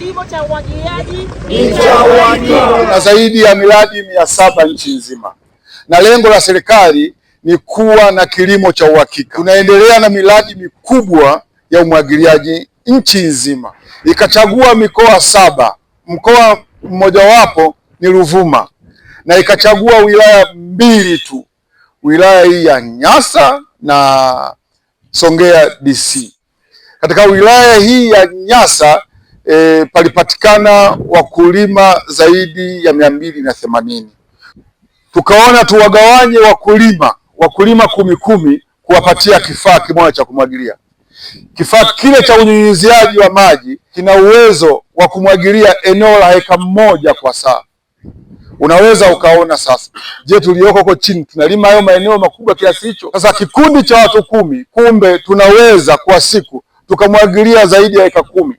kilimo cha umwagiliaji ni cha uhakika na zaidi ya miradi mia saba nchi nzima, na lengo la serikali ni kuwa na kilimo cha uhakika. Tunaendelea na miradi mikubwa ya umwagiliaji nchi nzima, ikachagua mikoa saba, mkoa mmojawapo ni Ruvuma, na ikachagua wilaya mbili tu, wilaya hii ya Nyasa na Songea DC. Katika wilaya hii ya Nyasa e, palipatikana wakulima zaidi ya mia mbili na themanini. Tukaona tuwagawanye wakulima wakulima kumi kumi, kuwapatia kifaa kimoja cha kumwagilia. Kifaa kile cha unyunyiziaji wa maji kina uwezo wa kumwagilia eneo la heka moja kwa saa. Unaweza ukaona sasa, je, tulioko huko chini tunalima hayo maeneo makubwa kiasi hicho? Sasa kikundi cha watu kumi, kumbe tunaweza kwa siku tukamwagilia zaidi ya heka kumi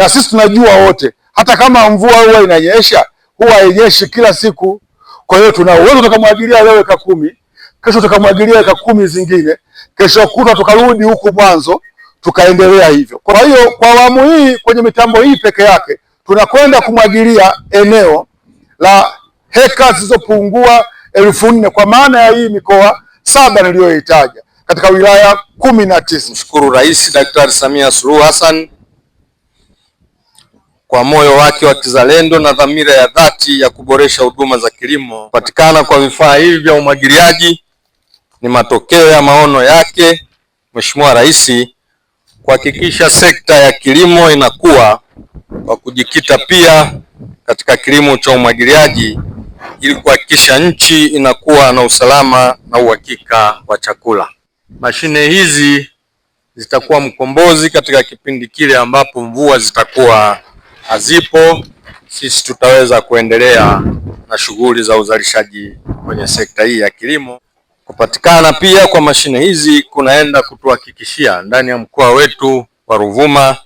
na sisi tunajua wote, hata kama mvua huwa inanyesha huwa inyeshi kila siku. Kwa hiyo tuna uwezo tukamwagilia leo eka kumi, kesho tukamwagilia eka kumi zingine, kesho kutwa tukarudi huku mwanzo, tukaendelea hivyo. Kwa hiyo kwa awamu hii kwenye mitambo hii peke yake tunakwenda kumwagilia eneo la heka zilizopungua elfu nne kwa maana ya hii mikoa saba niliyoitaja katika wilaya kumi na tisa. Mshukuru Rais Daktari Samia Suluhu Hassan kwa moyo wake wa kizalendo na dhamira ya dhati ya kuboresha huduma za kilimo. Kupatikana kwa vifaa hivi vya umwagiliaji ni matokeo ya maono yake Mheshimiwa Rais kuhakikisha sekta ya kilimo inakuwa kwa kujikita pia katika kilimo cha umwagiliaji ili kuhakikisha nchi inakuwa na usalama na uhakika wa chakula. Mashine hizi zitakuwa mkombozi katika kipindi kile ambapo mvua zitakuwa hazipo, sisi tutaweza kuendelea na shughuli za uzalishaji kwenye sekta hii ya kilimo. Kupatikana pia kwa mashine hizi kunaenda kutuhakikishia ndani ya mkoa wetu wa Ruvuma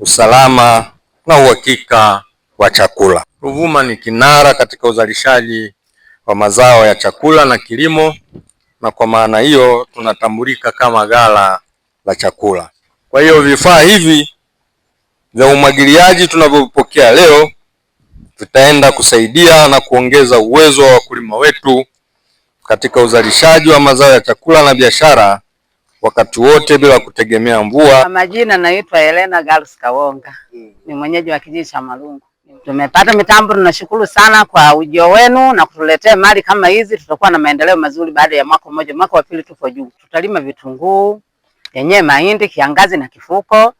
usalama na uhakika wa chakula. Ruvuma ni kinara katika uzalishaji wa mazao ya chakula na kilimo, na kwa maana hiyo tunatambulika kama ghala la chakula. Kwa hiyo vifaa hivi za umwagiliaji tunavyopokea leo vitaenda kusaidia na kuongeza uwezo wa wakulima wetu katika uzalishaji wa mazao ya chakula na biashara wakati wote bila kutegemea mvua. Kwa majina naitwa Elena Gallus Kawonga, ni mwenyeji wa kijiji cha Malungu. Tumepata mitambo, tunashukuru sana kwa ujio wenu na kutuletea mali kama hizi. Tutakuwa na maendeleo mazuri baada ya mwaka mmoja. Mwaka wa pili tuko juu, tutalima vitunguu yenyewe, mahindi, kiangazi na kifuko,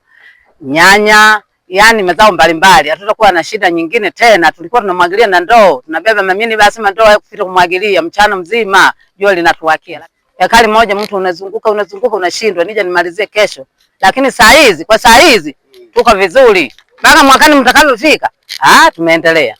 nyanya yani mazao mbalimbali, hatutakuwa na shida nyingine tena. Tulikuwa tunamwagilia na ndoo, tunabeba mamini basi ndoo ya kufika kumwagilia mchana mzima, jua linatuwakia. Ekari moja mtu unazunguka unazunguka, unashindwa nija nimalizie kesho. Lakini saa hizi, kwa saa hizi tuko vizuri, mpaka mwakani mtakavyofika ah, tumeendelea.